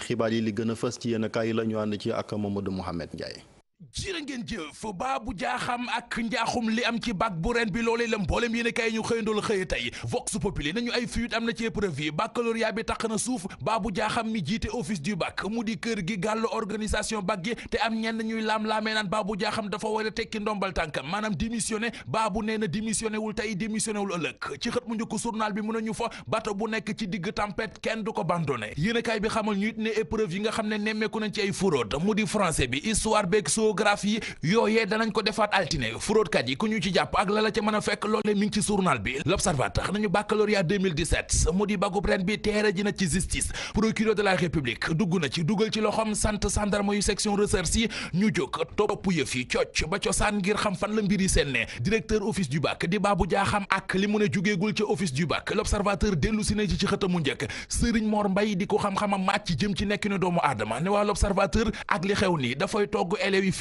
xibaar yi li gën a fës ci yenn kaay yi la ànd ci ak Mamadou Mouhamed Ndiaye jërë ngeen jëf baa bu jaaxam ak njaaxum li am ci bac bu ren bi loolee la mboolem yéen kay ñu xëyandool xëy tey vox populi nañu ay fuite am na ci épreuve yi baccalauréat bi tax na suuf baa bu jaaxam mi jiite office du bac mu di kër gi gàllu organisation bac gi te am ñenn ñuy laam-laamee naan baa bu jaaxam dafa war a tekki ndombal tànkam maanaam démissionné baa bu nee na démissionné wul ëllëg ci xët mu njëkk journal bi mën nañu digg tempête kenn du ko bandonné yéen ñu it yi nga xam ne nemmeeku nañ ci ay échographie yooyee danañ ko defaat altine fraudekat yi ku ñu ci jàpp ak la ca mën a fekk loolee mi ci journal bi l'observateur nañu baccalauréat 2017 mu di bi teere ji na ci justice procureur de la république dugg na ci dugal ci loxoom sant sandarma yu section recherche yi ñu jóg topp yëf yi cooc ba cosaan ngir xam fan la mbiri seen ne directeur office du bac di baabu jaaxam ak li mu ne jugeegul ci office du bac l'observateur dellu si na ci ci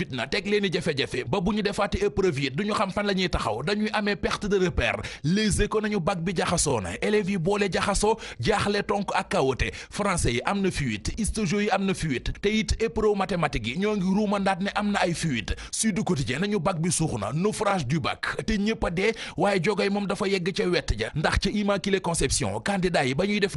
fitna teg leen i jafe-jafe ba bu ñu defaati épreuve yi du xam fan la taxaw dañuy amee perte de repère les éco nañu bac bi jaxasoo na élèves yi boole jaxasoo jaaxle tonk ak kawate français yi am na fuite histojo yi am na fuite te it épreuve mathématique yi ñoo ngi ruumandaat ne am na ay fuite Sud Quotidien nañu bac bi suux na naufrage du bac te ñëpp a dee waaye jogay moom dafa yegg ca wett ja ndax ca Immaculée Conception candidat yi ba ñuy def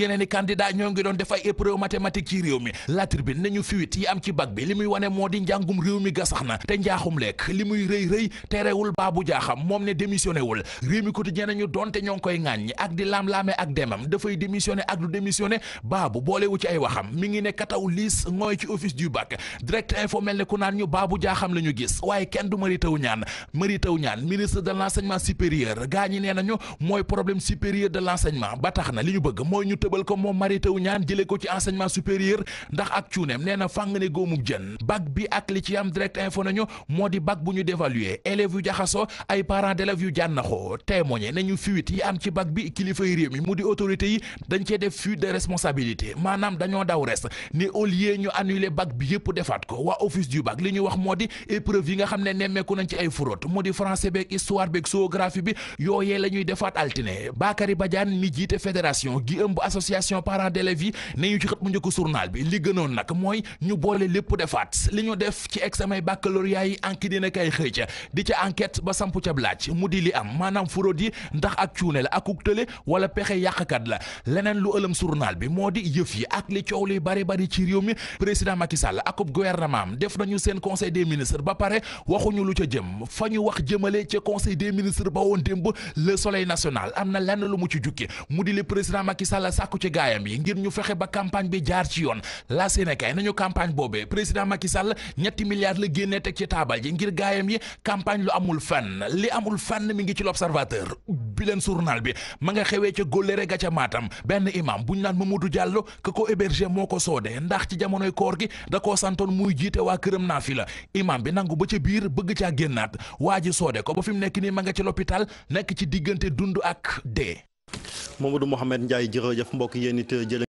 yeneen i candidat ñoo ngi doon def ay épreuve mathématique ci réew mi La Tribune nañu fuite yi am ci bac bi li muy wane moo di njàngum réew mi gasax na te njaaxum lekk li muy rëy rëy terewul baabu jaaxam moom ne démissionné wul réew mi quotidien nañu donte ñoo ngi koy ŋàññi ak di laam-laame ak demam dafay démissionné ak du démissionné baabu boolewu ci ay waxam mi ngi ne kataw liis mooy ci office du bac direct info mel ne ku naan ñu baabu jaaxam la ñu gis waaye kenn du mari taw ñaan mari taw ñaan ministre de l'enseignement supérieur gaa ñi nee nañu mooy problème supérieur de l'enseignement ba tax na tëbal ko moom Mary Teuw Niane jëlee ko ci enseignement supérieur ndax ak cuuneem nee na fàng ne góomub jën bac bi ak li ci am direct info nañu moo di bac bu ñu dévaluer élèves yu jaxasoo ay parents d'élèves yu jànnaxoo témoigné nañu fuite yi am ci bag bi kilifay réew mi mu di autorité yi dañ ceede def fuite de responsabilité maanaam dañoo daw res ni au lieu ñu annuler bac bi yëpp defaat ko waa office du bac li ñu wax moo di épreuve yi nga xam ne nemmeeku nañ ci ay fraude mu di français beeg histoire bi yooyee la ñuy defaat altine Bakary Badiane mi jiite fédération gi association parents d'élèves yi ne ñu ci xët mu njëkk journal bi li gënoon nag mooy ñu boole lépp defaat li ñu def ci examen baccalauréat yi enquête dina kay xëy ca di ca enquête ba sampu ca laaj mu di li am maanaam fraude yi ndax ak cuune la ak tële wala pexe yàqkat la leneen lu ëlëm journal bi moo di yëf yi ak li coow li bari bari ci réew mi président Macky Sall akub gouvernement am def nañu seen conseil des ministres ba pare waxuñu lu ca jëm fa ñu wax jëmale ca conseil des ministres ba woon démb na lenn ku ci gaayam yi ngir ñu fexe ba campagne bi jaar ci yoon la Sénégal nañu campagne boobee président Macky Sall ñetti milliards la génnee teg ci taabal ji ngir gaayam yi campagne lu amul fenn li amul fenn mi ngi ci l'observateur bi leen journal bi ma nga xewee ca góllëre a ca maatam benn imam bu ñu ma Mamadou Diallo ka ko héberger moo ko soodee ndax ci jamonoy koor gi da koo santoon muy jiite waa këram naa fi la imam bi nangu ba ca biir bëgg caa génnaat waa ji soode ko ba fi mu nekk nii ma nga ci l'hôpital nekk ci diggante dund ak dee moom Mamadou Mouhamed Ndiaye jërëjëf mbokk yenni it jële